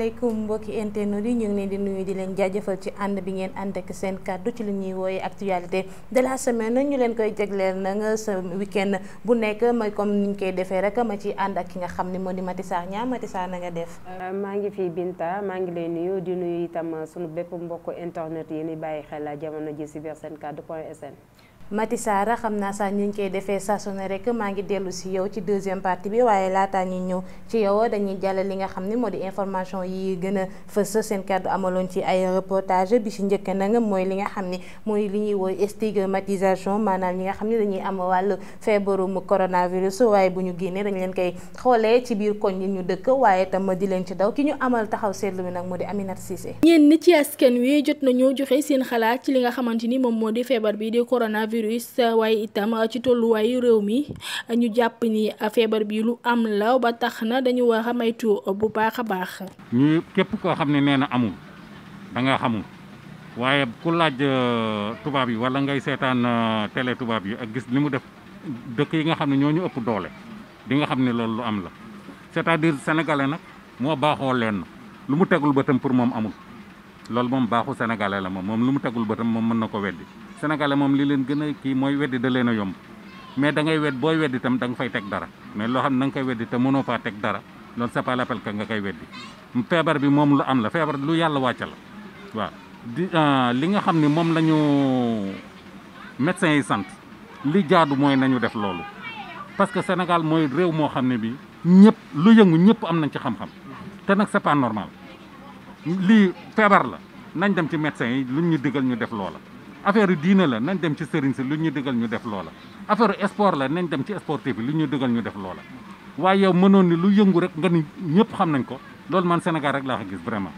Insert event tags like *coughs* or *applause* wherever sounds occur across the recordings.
asalaamaaleykum mbokki internet yi ñu ngi leen di nuyu di leen jaajëfal ci ànd bi ngeen ànd ak seen kàddu ci li ñuy wooyee actualité de la semaine nañu leen koy jagleel nanga nga sa weekend bu nekk ma comme ni koy defee rek ma ci ànd ak ki nga xam ni moo di Mati Sarr ñaa Mati Sarr nga def. Euh, maa ngi fi Binta maa ngi lay nuyu di itam suñu bépp mbokku internet yi ni bàyyi xel jamono ji ci biir seen kàddu point sn. Mati Sara xam naa sax ñu ngi koy defee saa su ne rek maa ngi dellu si yow ci deuxième partie bi waaye laataa ñu ñëw ci yow dañuy jàll li nga xam ne moo di information yi gën a fës seen kàddu ci ay bi si njëkk na nga mooy li nga xam ne mooy li ñuy woy stigmatisation maanaam ñi nga xam ne dañuy am wàllu feebaru mu coronavirus waaye bu ñu génnee dañ leen koy xoolee ci biir koñ yi ñu dëkk waaye tam di leen ci daw ki ñu amal taxaw seetlu bi nag moo di Aminata Cissé. ñenn ci askan wi jot nañoo joxe seen xalaat ci li nga xamante ni moom moo di feebar bi di coronavirus. coronavirus waaye itam ci tolluwaayu réew mi ñu jàpp ni feebar bi lu am la ba tax na dañu war a maytu bu baax a baax. ñu képp koo xam ne nee na amul danga xamul waaye ku laaj euh, tubaab yi wala ngay seetaan euh, télé tubaab yi ak gis li mu def dëkk yi nga xam ne ñoo ñu ëpp doole di nga xam ne lool lu am la c'est-à-dire nag moo baaxoo leen lu mu tegul bëtam pour moom amul. loolu moom baaxu sénégalais la moom moom lu mu tegul bëtam moom mën na ko weddi sénégalais mom li leen gëna ki moy mooy da leena a yomb mais da ngay wet boy weddi tam da nga fay tek dara mais lo xam nang kay nga te mëno fa tek dara c'est pas l'appel ka nga kay bi mom lu am la feebar lu yalla wacc la wa di li nga xam mom moom la ñu yi sant li jaadu moy nañu def loolu parce que Sénégal moy réew mo xamni bi ñepp lu yëngu ñepp am nañ ci xam-xam te nak c'est pas normal li feebar la nañ dem ci médecin yi lu ñu digal ñu def loola affaire diine la nañ dem ci sëriñ si lu ñu digal ñu def loola affaire sport la nañ dem ci sportif bi lu ñu digal ñu def loola waaye yow mënoon ni lu yëngu rek nga ni ñëpp xam nañ ko loolu man Sénégal rek laa ko gis vraiment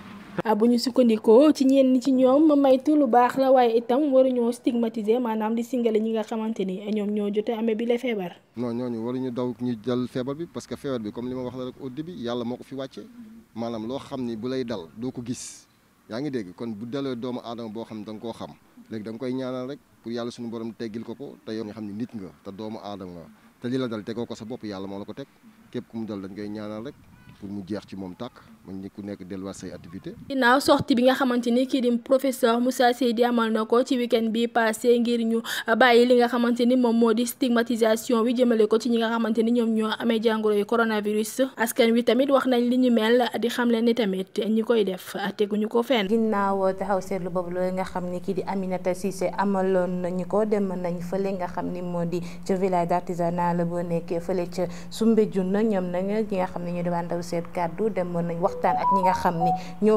ah, bu ñu sukkandikoo ci ñenn ci ñoom maytu lu baax la waaye itam waruñoo stigmatiser maanaam di singale ñi nga xamante ni ñoom ñoo jotee amee bi la feebar non ñooñu waruñu daw ñu jël feebar bi parce que feebar bi comme li ma wax la rek au début yàlla moo ko fi xam ni bu lay dal doo ko gis yaa ngi dégg kon bu dalee doomu aadama boo xam ne danga koo xam léegi da koy ñaanal rek pour yàlla suñu borom teggil ko ko te yow nga xam ni nit nga te doomu aadama nga te li la dal tegoo ko sa bopp yàlla moo la ko teg képp ku mu dal dañ koy ñaanal rek pour mu jeex ci moom tàkk man ñi ku nekk delluwaat say activité ginnaaw sortie bi nga xamante ni kii di professeur Moussa Seydi amal na ko ci week-end bi passé ngir ñu bàyyi li nga xamante ni moom moo di stigmatisation bi jëmale ko ci ñi nga xamante ni ñoom ñoo amee jàngoro yu coronavirus askan wi tamit wax nañ li ñu mel di xamle ni tamit ñu koy def teguñu ko fenn. ginnaaw taxaw seetlu boobu loolu nga xam ni kii di Aminata Cissé amaloon nañu ko dem nañ fële nga xam ni moo di ca village artisanal boo nekkee fële ca Soumbédioune ñoom nag nga xam ne ñu seen kàddu demoon nañ waxtaan ak ñi nga xam nga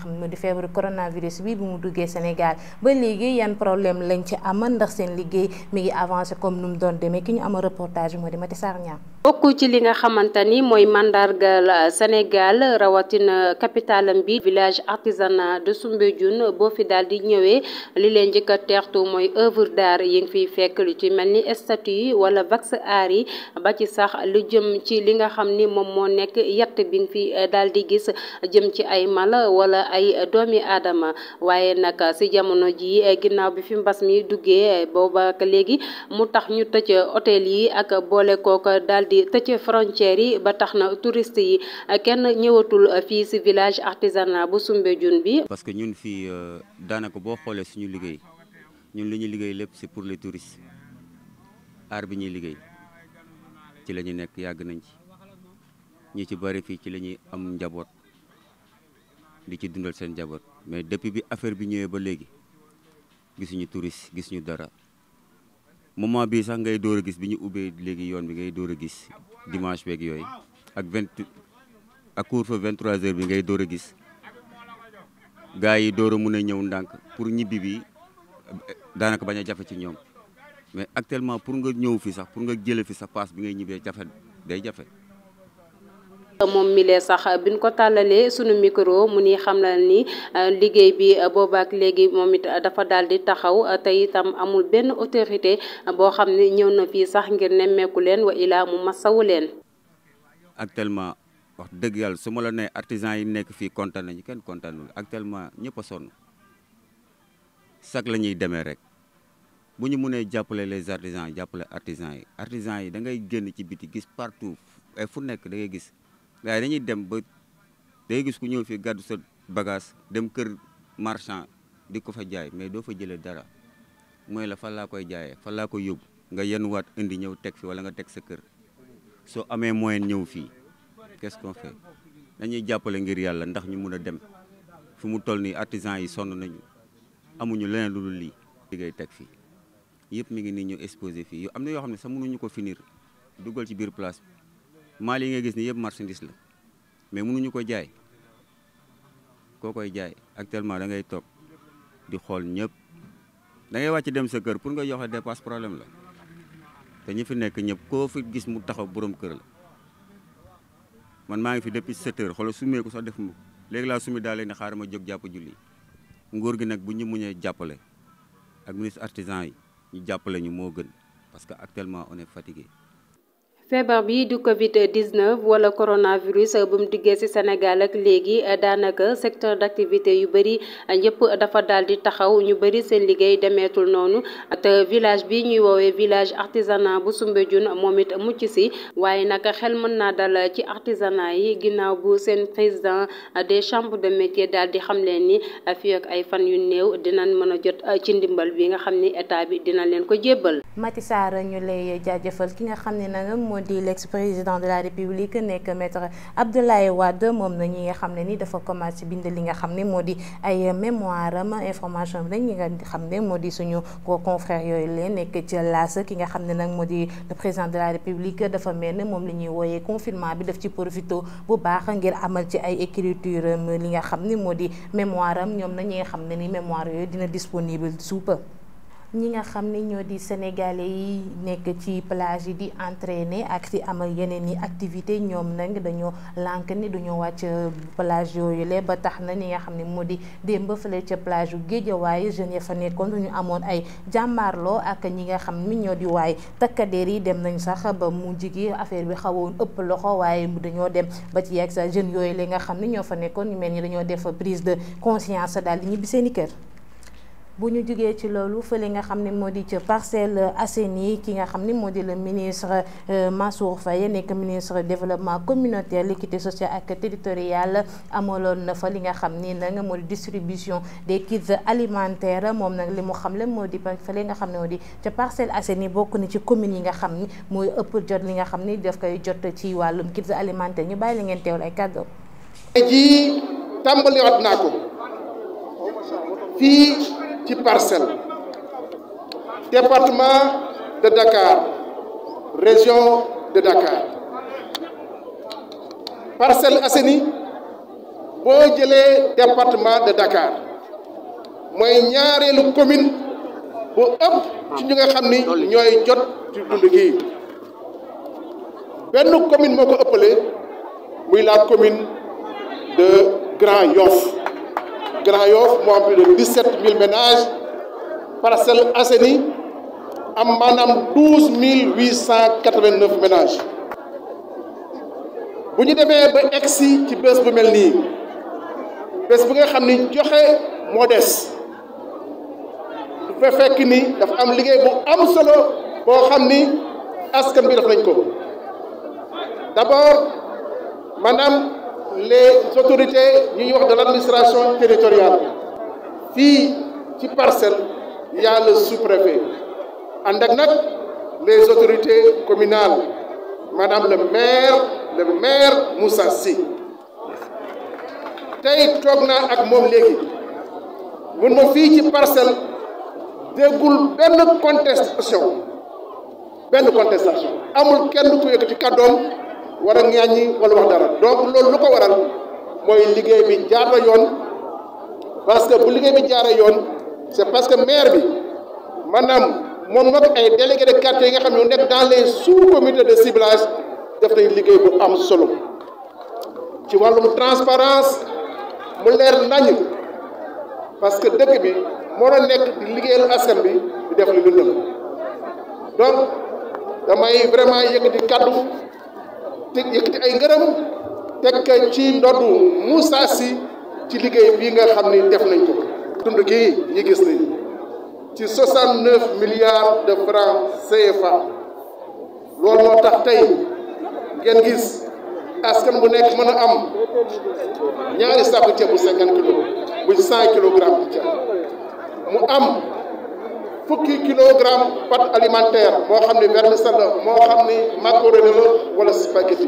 xam ne di feebaru coronavirus bi bu mu duggee Sénégal ba léegi yan problème lañ ci am ndax seen liggéey mi ngi avancé comme nu doon demee ki ñu am reportage moo di Mati Sarr Niang bokk ci li nga xamante ni mooy mandargal Sénégal rawatina capitalam bi village artisanal de Soumbédioune boo fi dal di ñëwee li leen njëkk a teertu mooy œuvre d'art yi nga fiy fekk lu ci mel ni statue wala vax aar yi ba ci sax lu jëm ci li nga nga xam ni moom moo nekk yett bi nga fi eh, daal di gis jëm ci ay mala wala ay doomi aadama waaye nag si jamono ji eh, ginnaaw bi fi mbas mi duggee eh, booba ak léegi mu tax ñu tëj hôtel yi ak boole kook dal di tëj frontières yi ba tax na touriste yi kenn ñëwatul fii si village artisanal bu Soumbédioune bi. parce que ñun fii euh, daanaka boo xoolee suñu liggéey ñun li ñu liggéey lépp c'est pour les touristes aar bi ñuy liggéey ci la nekk yàgg nañ ci. ñi ci bëri fii ci la ñuy am njaboot di ci dundal seen njaboot mais depuis bi affaire bi ñëwee ba léegi gisuñu touriste gisuñu dara moment bi sax ngay door a gis bi ñu ubbee léegi yoon bi ngay door a gis dimanche beeg yooyu ak vingt ak couvre-feu 23 heures bi ngay door a gis gars yi door a mun a ñëw ndànk pour ñibbi bi daanaka bañ a jafe ci ñoom mais actuellement pour nga ñëw fi sax pour nga jële fi sa paas bi ngay ñibbee jafe day jafe moom mi lee sax bi biñ ko tàllalee sunu micro mu ni xam la ni euh, liggéey bi euh, boobaak léegi moom it dafa daal di taxaw euh, tey itam amul benn autorité boo xam ne ñëw na fii sax ngir nemmeeku leen wa ilaa mu masawu leen. actuellement wax dëgg yàlla su ma la nee artisan yi nekk fii kontaan nañu kenn kontaanul actuellement ñëpp a sonn sax la ñuy demee rek bu ñu mënee jàppale les artisans jàppale artisans yi artisans yi da ngay génn ci biti gis partout fu nekk da ngay gis. mais dañuy dem ba day gis ku ñëw fii gàddu sa bagage dem kër marchand di ko fa jaay mais doo fa jëlee dara mooy la fan laa koy jaayee fan laa koy yóbbu nga yenuwaat indi ñëw teg fi wala nga teg sa kër soo amee moyen ñëw fii qu'est-ce dañuy jàppale ngir yàlla ndax ñu mun a dem fu mu toll nii artisan yi sonn nañu amuñu leneen lu dul lii liggéey teg fii yëpp mi ngi nii ñëw exposé fii yu am na yoo xam ne sax munuñu ko finir dugal ci biir place bi maal yi nga gis ni yeb marchandise la mais mënuñu ko jaay ko koy jaay actuellement da ngay tok di xol ñep da ngay wacc dem sa kër pour nga joxe dépasse problème la te ñi fi nek ñep ko fi gis mu taxaw borom kër la man maa ngi fi depuis 7 h xol su meeku sax def mu léegi la sumi dalé ni xaarama jog japp julli ngor gi nak bu ñu muñe jappalé ak ministre artisan yi ñu jappalé ñu mo gën parce que actuellement on est fatigué feebar bi di Covid 19 wala coronavirus bu mu duggee ci Sénégal ak léegi daanaka secteur d'activité yu bëri yëpp dafa dal di taxaw ñu bëri seen liggéey demeetul noonu te village bi ñuy woowee village artisanat bu Soumbédioune moom it mucc si waaye nag xel mën naa dal ci artisanat yi ginnaaw bu seen président des chambres de métier daal di xam leen ni fii ay fan yu néew dina mën a jot ci ndimbal bi nga xam ni état bi dina leen ko jébbal. Mati ñu lay jaajëfal l'ex-président de la République que maître Abdoulaye Wade mom nañu ni dafa mémoire information nga xamné confrère le président de la République dafa mel mom woyé confinement bi daf ci profito bu baax ngir amal ci ay écriture li mémoire mémoire disponible soupe. ñi nga xam ne ñoo di sénégalais yi nekk ci palage yi di entraîner ak di amal yeneen yi activité ñoom nag dañoo lank ni duñoo wàcc euh, plage yooyu le ba tax na ñi nga xam ne moo di démb fële ca plage yu Géejawaay jeunes ya fa nekkoon dañu amoon ay jàmmaarloo ak ñi nga xam ni ñoo di waaye takkadeer yi dem nañ sax ba mu jigi affaire bi xawoon ëpp loxo waaye dañoo dem ba ci yegg sa jeunes yooyu la nga xam ni ñoo fa nekkoon ñu mel ñi dañoo def prise de conscience daal di ñibbi seeni kër bu ñu jugee ci loolu fële nga xam ne moo di ca ki nga le ministre euh, Mansour Faye le ministre développement communautaire l'équité sociale et territoriale amaloon na fa li nga xam ni nag moo distribution des kits alimentaires Mom nag li mu xam le moo di fële nga xam ne moo di ca Parcelles Assainies ci communes yi nga xam ni mooy ëpp jot li nga xam ni koy ci kits alimentaires ñu bàyyi ngeen teewlu ay kàddu. tey ci parcelle, département de Dakar région de Dakar parcelle Assainies bo département de Dakar moy ñaarelu commune bu commune la commune de Grand Yoff Grand Yoff, moins plus de 17 000 ménages. Parcelle Asseni, et madame 12 889 ménages. Vous avez dit que vous avez dit que vous avez que vous avez que vous pouvez dit que vous avez dit que vous avez dit que vous avez que vous les autorités de l'administration territoriale qui ci parcelle y a le sous-préfet En les autorités communales madame le maire le maire Moussa Sy tey toog naa ak moom léegi mun une fii ci parcelle déggul une contestation une contestation amul kenn contestation wara a wala wax dara donc loolu lu ko waral moy liggéey bi jaar na yoon parce que bu liggéey bi jaara yoon c'est parce que maire bi manam mom nak ay délégué de quartier nga xam ne nekk dans les sous-comités de ciblage def nañ liggéey bu am solo ci walu transparence mu leer nañu parce que dëkk bi mo doon nek di liggéeyal askan bi di def li lu lëm donc damay vraiment yëkkati kaddu te yëkkati ay ngërëm teg ci ndoddu Moussa si ci liggéey bii nga xam ni def nañ ko dund gii ñi gis ni ci soixante neuf milliards de francs CFA loolu moo tax tey ngeen gis askan bu nekk mën a am ñaari sàkku ceeb bu cinquante kilos bu cent kilogrammes bu ceeb mu am fukki kilogramme pâte alimentaire moo xam ni vermicelle la moo xam ni macaroni la wala spaghetti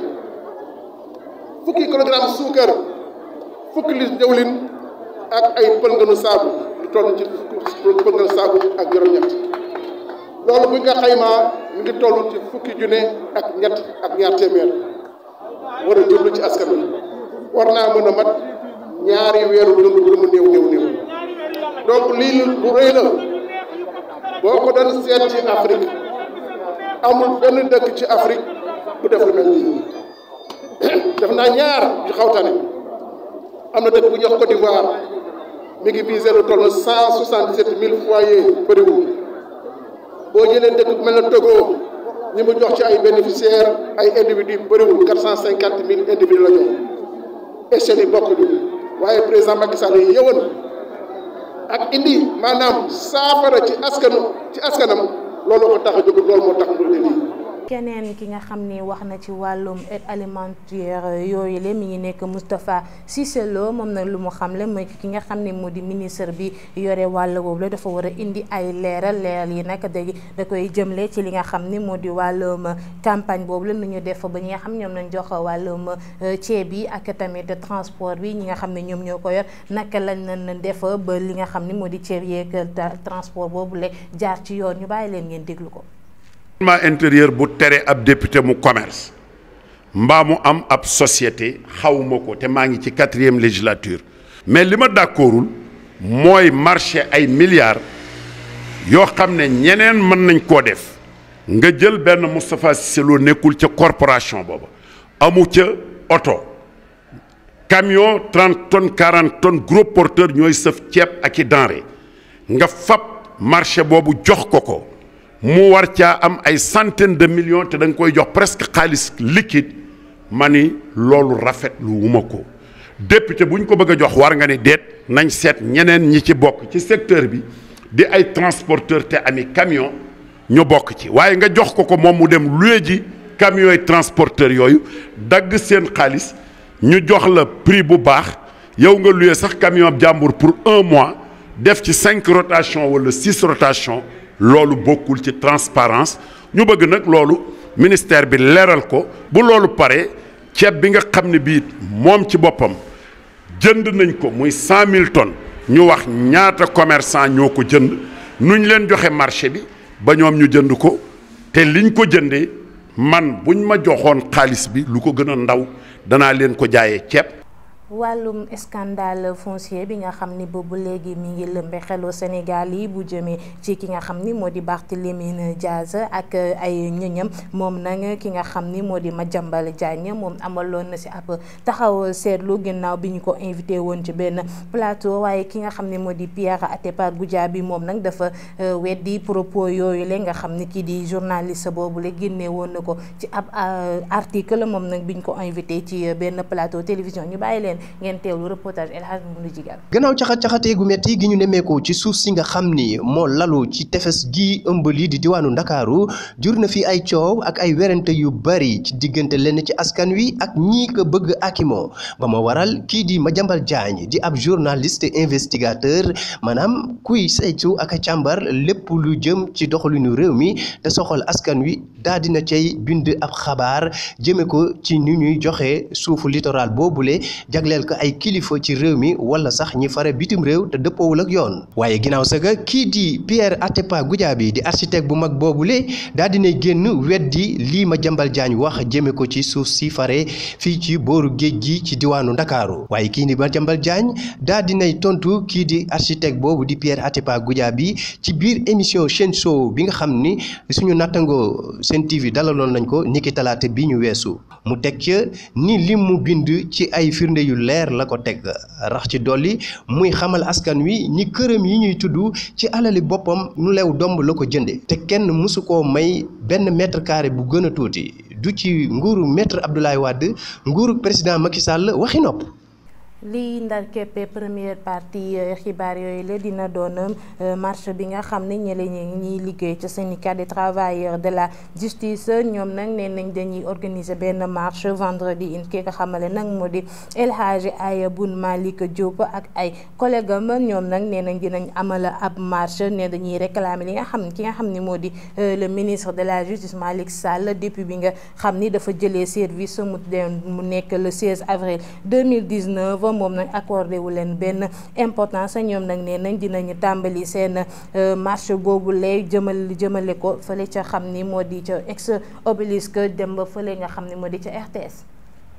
fukki kilogramme suukar fukki lis jëwlin ak ay pëlnganu saabu lu toll ci pëlnganu saabu ak juróom-ñett loolu bu nga xaymaa ngi toll ci fukki junne ak ñett ak ñaar téeméer war a jublu ci askan wi war naa mën a mat ñaari weeru dund lu mu néew néew néew donc lii lu rëy la boo ko doon seet ci Afrique amul benn dëkk ci Afrique bu def lu mel nii *coughs* def naa ñaar yu xawtane am na dëkk bu ñuy wax Côte d'Ivoire mi ngi visé lu toll cent soixante-sept mille foyers bëriwul boo jëlee dëkk bu mel ne Togo ñi mu jox ci ay bénéficiaires ay individus bëriwul quatre cent cinquante mille individus la jox échelle yi bokk ñu waaye président Macky Sall yi yëwoon ak indi maanaam saafara ci askanu ci askanam loolu ko tax a loolu moo tax mu indi lii keneen ki nga xam ni wax na ci wàllum aide alimentaire yooyu le mi ngi nekk Moustapha si Lo moom nag lu mu xamle mooy ki nga xam ne moo di ministre bi yore wàll woowu la dafa war a indi ay leeral leeral yi nag da da koy jëmle ci li nga xam ni moo di wàllum campagne boobu la na ñu def ba ñu nga xam ñoom lañ jox wàllum euh, ceeb yi ak tamit transport bi ñi nga xam ne ñoom ñoo ko yor naka lañ leen def ba li nga xam ni moo di ceeb yeeg transport boobu la jaar ci yoon ñu bàyyi leen ngeen déglu ko. ma intérieur bu téré ab député mu commerce mba mu am ab société xawmako té ma ngi ci 4e législature mais lima ma d'accordul mooy marché ay milliards yo xamné ñeneen mën nañ ko def nga jël ben Moustapha Cissé Lo nekkul ca corporation bobu amu ci auto camion 30 tonnes 40 tonnes gros porteur ñoy seuf ceeb ak i nga fab marché bobu jox koko il am ay de millions te dang koy presque khalis liquide mani lolou rafet ko député buñ ko bëgg jox war nga ni dette nañ sét ñi ci secteur bi di ay transporteur te ami camion ñu bok ci waye nga jox ko ko mu dem camions transporteur yoyu ñu jox la prix bu baax yow nga camion pour un mois def ci 5 rotations wala 6 rotations. loolu bokkul ci transparence ñu bëgg nag loolu ministère bi leeral ko bu loolu paree ceeb bi nga xam ne bii moom ci boppam jënd nañ ko muy cent mille tonnes ñu wax ñaata commerçant ñoo ko jënd nuñ leen joxe marché bi ba ñoom ñu jënd ko te liñ ko jëndee man buñ ma joxoon xaalis bi lu ko gën a ndaw danaa leen ko jaayee ceeb wàllum scandale foncier bi nga xam ni boobu léegi mi ngi lëmbe xelu Sénégal yi bu jëmee ci ki nga xam ni moo di Barthélémy Dias ak ay ñëñam moom nag ki nga xam ni moo di Madiambal Diagne moom amaloon na si ab taxaw seetlu ginnaaw bi ñu ko invité woon ci benn plateau waaye ki nga xam ni moo di Pierre Atepa Goudiaby moom nag dafa euh, weddi propos yooyu le nga xam ni kii di journaliste boobu la génne woon na ko ci ab euh, article moom nag bi ñu ko invité ci euh, benn plateau télévision ñu bàyyi leen. leen ngeen teewlu reportage El Hadj Mamadou gannaaw caxat-caxatee gu metti gi ñu nemmeekoo ci suuf si nga xam ni moo lalu ci tefes gi ëmb lii di diwaanu ndakaaru jur na fi ay coow ak ay werante yu bari ci diggante lenn ci askan wi ak ñii ko bëgg akimo ba ma waral kii di ma Madiambal Diagne di ab journaliste investigateur maanaam kuy saytu ak càmbar lépp lu jëm ci doxalinu réew mi te soxal askan wi daa dina cay bind ab xabaar jëme ko ci ni ñuy joxe suufu littoral boobule jag jagleel ko ay kilifa ci réew mi wala sax ñi fare bitim réew te dëppoowul ak yoon waaye ginnaaw saga kii di Pierre Atepa Goudiaby di architecte bu mag boobule daal nay génn weddi lii ma Madiambal Diagne wax jëme ko ci suuf si fare fii ci booru géej gi ci diwaanu Ndakaaru waaye kii di Madiambal Diagne daal nay tontu kii di architecte boobu di Pierre Atepa Goudiaby ci biir émission Sen Show bi nga xam ni suñu nattangoo Sen TV dalaloon nañ ko niki talaata bi ñu weesu mu ay firnde leer la ko teg rax ci dolli muy xamal askan wi ñi këram yi ñuy tudd ci alali boppam nu lew domb la ko jënde te kenn mësu koo may benn mètre carré bu gën a tuuti du ci nguuru maître Abdoulaye Wade nguuru président Macky Sall waxi nopp lii ndarkeppe première partie euh, xibaar yooyu la dina doon euh, marche bi nga xam ne ñële ñi ñiy liggéey ci syndicat des travailleurs de la justice ñoom nag nee nañ dañuy organiser benn marche vendredi in ki nga xamale nag moo di El Hadji Aya Boun Diop ak ay collègue am ñoom nag nee nañ dinañ amala ab marche ne dañuy réclamer li nga xam ki nga xam ne euh, le ministre de la justice Malik Sall depuis bi nga xam ni dafa jëlee service mu doon mu nekk le 16 avril 2019 foofa moom nag accordé wu leen benn importance ñoom nag nee nañ dinañu tàmbali seen euh, marche boobu lay jëmal jëmale ko fële ca xam ni moo di ca ex obélisque dem ba fële nga xam ni moo di ca RTS.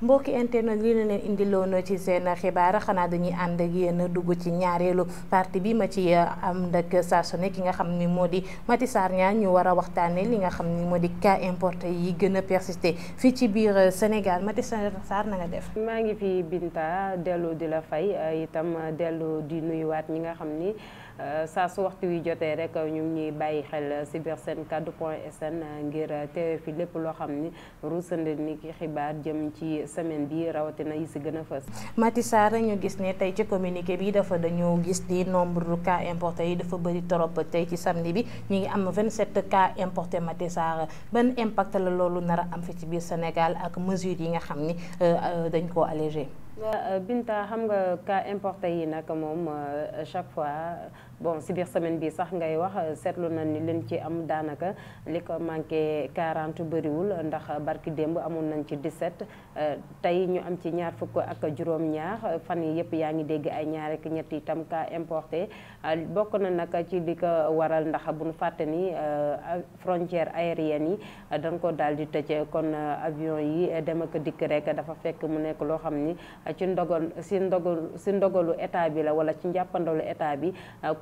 mbokki internet li na leen indiloon ci seen xibaar xanaa dañuy ànd ak yéen dugg ci ñaareelu partie bi ma ci eh, am nag saa ki nga xam ni moo di Maty Sarr ñu war a waxtaanee li nga xam ni moo di cas importé yi gën a persister fii ci biir Sénégal Maty Sarr na nga def. maa ngi fi Binta dellu di la fay eh, itam dellu di nuyuwaat ñi nga xam ni. Euh, saa su waxtu wi jotee rek ñu ngi ñuy bàyyi xel si biir seen kaddu point sn ngir teewe fi lépp loo xam ni ruusandil ni ki xibaar jëm ci semaine bi rawatina yi si gën a fës. Mati rek ñu gis ne tey ci communiqué bi dafa dañoo gis di nombre cas importés yi dafa bëri trop tey ci samedi bi ñu ngi am 27 cas importés Mati Sarr ban impact la loolu nara am fi ci biir Sénégal ak mesures yi nga xam ni euh, euh, dañ ko allégé. Binta xam nga cas importés yi nag moom chaque fois. bon ci bir semaine bi sax ngay wax setlu na ni leen ci am danaka liko manké 40 40 wul ndax barki demb amon nañ ci 17 euh, tay ñu am ci ñaar fukk ak juroom ñaar fan yi yëpp yaa dégg ay ñaar ak ñett itam ka importé euh, bokk na nak ci liko waral ndax buñu faté ni euh, frontière aérienne yi dañ ko dal di tejé kon avion yi dem ak dik rek dafa fekk mu nekk lo xamni ci ndogol ci ndogol ci ndogolu état bi la wala ci njàppandalu état bi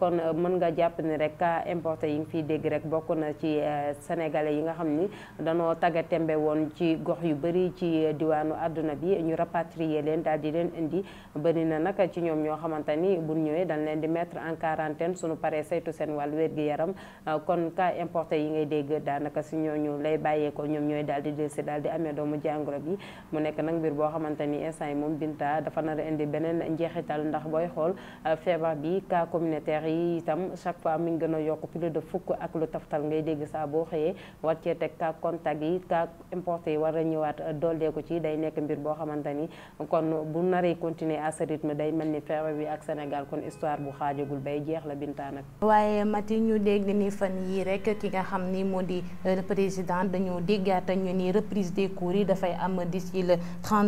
kon euh, mën nga japp ni rek ka euh, importer yi fi fiy dégg rek bokku na ci euh, sénégalais yi nga xamni dañoo tagga tembe won ci gox yu bari ci diwanu aduna bi ñu rapatrier leen dal di leen indi bari na nag ci ñom ño xamantani bu ñëwé dañ leen di mettre en quarantaine suñu paré saytu sen wal wér gi yaram kon ka importer yi ngay dégg daanaka si ñooñu lay ko ñom ñoy dal di delsi dal di amé doomu jangoro bi mu nekk nak bir bo xamantani instant yi binta dafa na indi benen ndax boy xol feebar bi ka communautaire yi yi itam chaque fois mi ngi gën a yokk plus de fukk ak lu taftal ngay dégg saa boo xëyee war cee teg cas contact yi cas importé yi war a ñëwaat dooleeku ci day nekk mbir boo xamante ni kon bu naree continuer à ce rythme day mel ni feebar bi ak Sénégal kon histoire bu xaajagul bay jeex la bintaa nag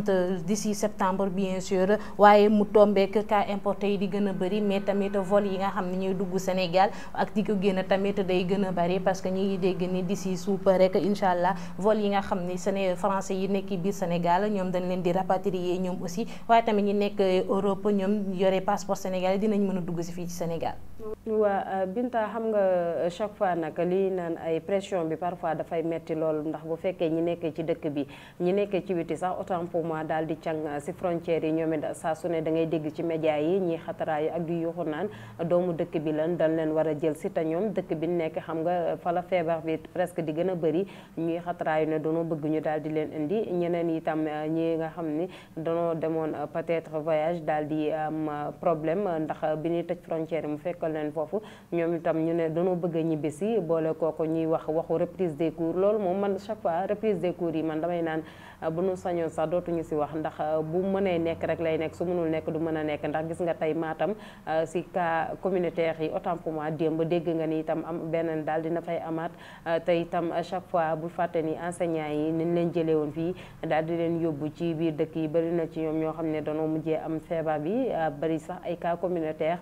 euh, yi septembre bien sûr waaye mu tombeek cas importé yi di gën a bëri mais tamit vol yi nga xam ni ñuy dugg Sénégal ak di ko génn tamit day gën a bari parce que ñu ngi dégg ni d'ici suupa rek incha allah vol yi nga xam ni séné français yi nekk biir Sénégal ñoom dañ leen di rapatrier ñoom aussi waaye tamit ñi nekk Europe ñoom yore passeport Sénégal dinañ mën a dugg si fii ci Sénégal wa eh, Binta xam nga eh, chaque fois nak li nan ay pression bi parfois da fay metti lol ndax bu fekke ñi nekk ci dëkk bi ñi nekk ci witi sax autant pour moi dal di ciang ci eh, frontière yi ñomi it saa su da ngay dégg ci média yi ñi xatara yi ak di yuuxu naan doomu dëkk bi lan dañ leen wara jël ci ta ñom dëkk bi nekk xam nga fa la fièvre bi presque di gëna bëri ñi xatara xataraayu ne danoo bëgg ñu dal di leen indi ñeneen yi tam ñi nga xam ni danoo demoon peut-être voyage dal di am problème ndax bi ni tëj frontière mu fekk defal leen foofu ñoom itam ñu ne dañoo bëgg a ñibbisi boole kooku ñuy wax waxu reprise des cours loolu moom man chaque fois reprise des cours yi man damay naan Eh, bu ñu sañoon sax dootu ñu ci wax ndax eh, bu mëne nekk rek lay nekk su mënul nekk du mëna a nekk ndax gis nga tay Matam ci eh, ka communautaire yi autant pour moi demb dégg nga ni tam am benen dal dina fay amat tay tam à chaque fois bu faté ni enseignant yi ñu leen jëlé won fi dal di leen yobbu ci biir dëkk yi bari na ci ñom ño xam ne mujjé am feebar bi bari sax ay ka communautaire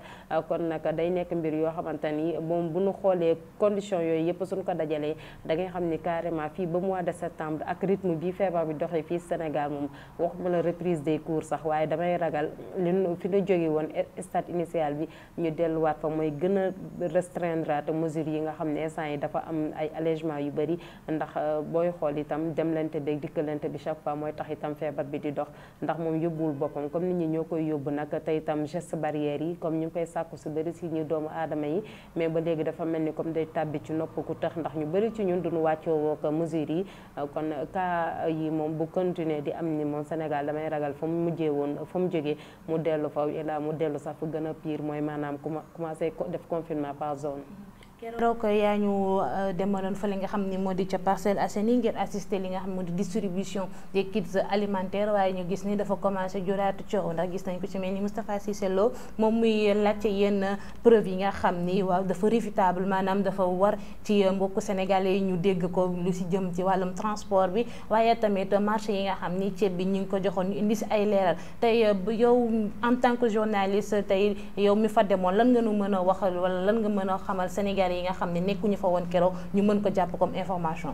kon nak day nekk mbir yo xamanteni bu bu ñu xolé condition yoy yépp suñ ko dajalé da ngay xamni carrément fi ba mois de septembre ak rythme bi feebar bi doxee fi Sénégal mom waxuma la reprise des cours sax waye damay ragal li fi ñu jóge won stade initial bi ñu wat fa moy muziri restreindre ta mesure yi nga xam instant yi dafa am ay allègement yu bari ndax euh, boy xol itam demlante beeg dikkalante bi chaque fois moy tax itam feebar bi di dox ndax mom yobul bopam comme nit ñi ñokoy yob nak tay itam geste barrière yi comme ñu koy sakku su bari si ñu doomu adama yi mais ba légui dafa melni comme day tabbi ci nopp ku tax ndax ñu bari ci ñun duñu mesure yi euh, kon ka yi mom bu continuer di am ni moom Sénégal damay ragal fa mu mujjee woon fa mu jógee mu dellu fa ilaa mu dellu sax fu gën a pire mooy maanaam commencé def confinement par zone keroog yaa ñu euh, demaloon fa li nga xam ni moo di ca Parcelles Assainies ngir assister li nga xam moo di distribution des kits alimentaire waaye ñu gis ni dafa commencé juraatu coow ndax gis nañ ko ci mel ni Moustapha Cissé Lo moom muy laajte yenn preuve yi nga xam ni waaw dafa réfutable maanaam dafa war ci mbokk sénégalais yi ñu dégg ko lu si jëm ci wàllum transport bi waaye tamit marché yi nga xam ni ceeb bi ñu ngi ko joxoon indi si ay leeral tey euh, yow en tant que journaliste tey yow mi fa demoon lan nga nu mën a waxal wala lan nga mën a xamal Sénégal militaires yi nga xam ne nekkuñu fa woon keroog ñu mën ko jàpp comme information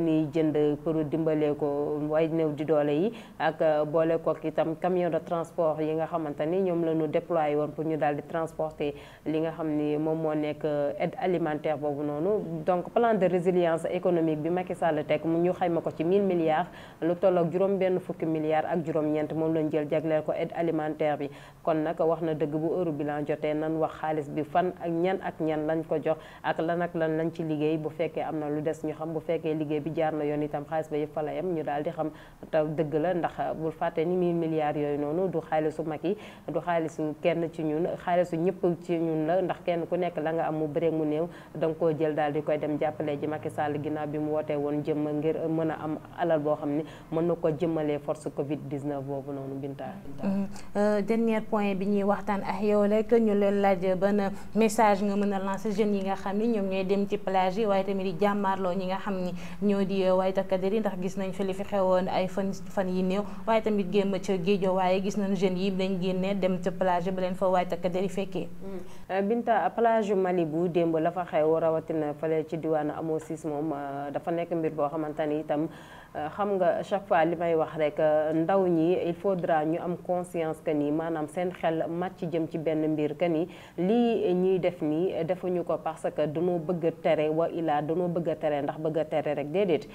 ñuy jënd pour dimbalee ko way néew di doole yi ak boole kook itam camion de transport yi nga xamante ni ñoom la ñu déployé woon pour ñu daal di transporter li nga xam ni moom moo nekk aide alimentaire boobu noonu donc plan de résilience économique bi Macky Sall teg ñu xayma ko ci 1000 milliards lu tollook juróom benn fukki milliards ak juróom-ñeent moom lañ jël jagleel ko aide alimentaire bi kon nag wax na dëgg bu heure bilan jotee nan wax xaalis bi fan ak ñan ak ñan lañ ko jox ak lan ak lan lañ ci liggéey bu bi jaar na yoon itam xaalis ba yëpp fa la yem ñu daal di xam taw dëgg la ndax bul fàtte ni mille milliards yooyu noonu du xaalisu mag yi du xaalisu kenn ci ñun xaalisu ñëpp ci ñun la ndax kenn ku nekk la nga am mu bëre mu néew da di koy dem jàppale ji Macky Sall ginnaaw bi mu wootee woon jëm ngir mën a am alal boo xam ne mën na ko jëmmalee force Covid 19 boobu noonu Binta. Euh, euh, dernier point bi ñuy waxtaan ak yow rek ñu leen laaj ban message nga mën a lancer jeunes yi nga xam ni ñoom ñooy dem ci plage yi waaye tamit di jàmmaarloo ñi nga xam ni ñoo di eh, waaye takkader yi ndax gis nañ fi li fi xewoon ay fan fan yi néew waaye tamit gémm ca géejo waaye gis nañ jeunes yi dañ génne dem ca plage ba leen fa waaye takkader yi fekkee mm. eh, Binta yu Mali bu démb la fa xew rawatina fale ci diwaanu amoo siis moom eh, dafa nekk mbir boo xamante ni itam xam nga chaque fois li may wax rek euh, ndaw ñi il faudra ñu am conscience que nii maanaam seen xel màcc jëm ci benn mbir que ni lii ñuy def nii defuñu ko parce que dañoo bëgg tere wa ilaa dañoo bëgg a tere ndax bëgg a tere rek déedéet.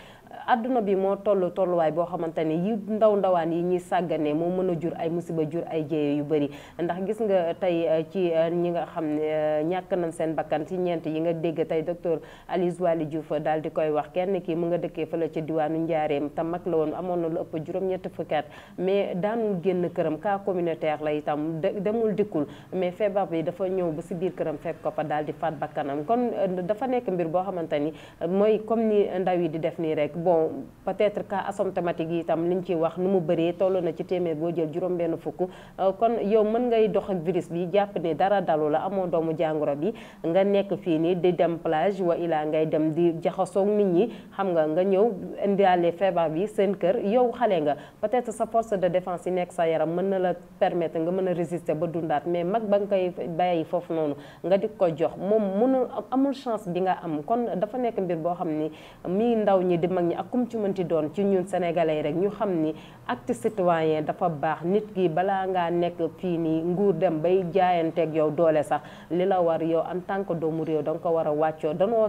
adduna bi moo toll tolluwaay boo xamante ne ndaw ndawaan yi ñuy sàggane moo mën a jur ay musiba jur ay jéye yu bëri ndax gis nga tey euh, ci euh, ñi nga xam ne ñàkk nañ seen bakkan ci ñeent yi nga dégg tey docteur Aly Waly Diouf daal di koy wax kenn kii mu nga dëkkee fële ca diwaanu Ndiaye njaareem tam ak lawon amoon na lu ëpp juroom ñett fukki tam mais daanu genn kërëm ka communautaire la itam demul dikul mais febab bi dafa ñëw ba ci biir kërëm ko fa di bakkanam kon euh, dafa nek mbir bo xamante euh, moy comme ni ndaw yi di def ni rek bon peut-être asom asymptomatique yi itam liñ ci wax nu mu bëree na ci téeméer bo jël juroom benn fukk euh, kon yow mën ngay dox ak virus bi japp ne dara dalu la amoo doomu jangoro bi nga nek fi ni di dem plage wa ila ngay dem di jaxoso nit ñi xam nga nga ñëw febar bi seen kër yow xalé nga peut-être sa force de défense yi nekk sa yaram mën na la permettre nga mën résister ba dundat mais mag ba nga bayyi fofu foofu nga dik ko jox mom mënu amul chance bi nga am kon dafa nek mbir bo xamni mi ndaw ñi di mag ñi ak kum ci mënti doon ci ñun sénégalais rek ñu xamni acte citoyen dafa bax nit ki bala nga nek fi ni nguur dem bay ak yow doole sax lila war yow en tant que doomu rew da ko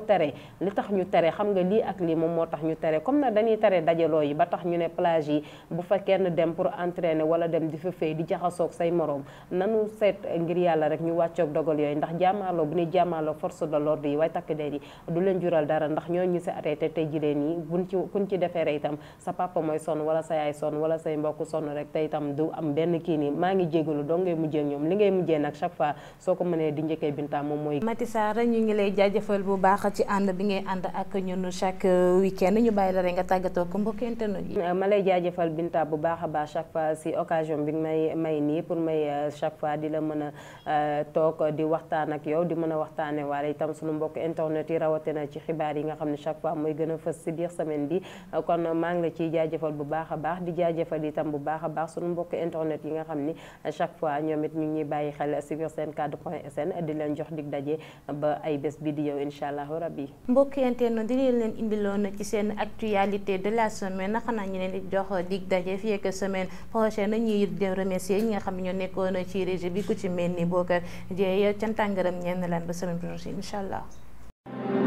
téré li tax ñu téré xam nga li ak li mom ñu tere comme na dañuy tere tere dajaloo yi ba tax ñu né plage yi bu fa kenn dem pour entraîner wala dem di fa di jaxasoog say morom nanu set ngir yalla rek ñu wàccoog dogal yoy ndax jamaalo bu ñuy jamaalo force de l'ordre yi way tak der di du leen jural dara ndax ñoo ñu si arrêté tay jilé ni buñ ci kuñ ci ré itam sa papa moy son wala sa yaay son wala say mbokk son rek tay itam du am benn ki ni ma ngi jégalu do ngay mujjé ñom li ngay mujjé nak chaque fois soko ko di njëkkee binta mom moy Mati Sarr ñu ngi lay jajeufal bu baax ci and bi ngay and ak ñun chaque week-end ñu bayila rek nga tagato ko mbokk internet yi ma lay jaajëfal Binta bu baax a baax chaque fois si occasion bi may may nii pour may euh, chaque fois di la mën a euh, toog di waxtaan ak yow di mën a waxtaane waale itam suñu mbokk internet yi rawatina ci xibaar nga xam ne chaque fois mooy gën a fës si biir semaine bi kon maa ngi la ciy jaajëfal bu baax a baax di jaajëfal itam bu baax a baax suñu mbokk internet yi nga xam ni chaque fois ñoom it ñu ngi ñuy bàyyi xel si biir seen cadre point sn di leen jox dig daje ba ay bés bi di yow incha allahu rabbi yi internet di leen indiloon ci seen actualité la semaine xanaa ñu leen di jox dig daje fii ak semaine prochaine ñuy de remercier ñi nga xam ne ñoo nekkoon ci régie bi ku ci mel ni Bokar Dieye cantàngërëm ñenn laan ba semaine prochaine incha allah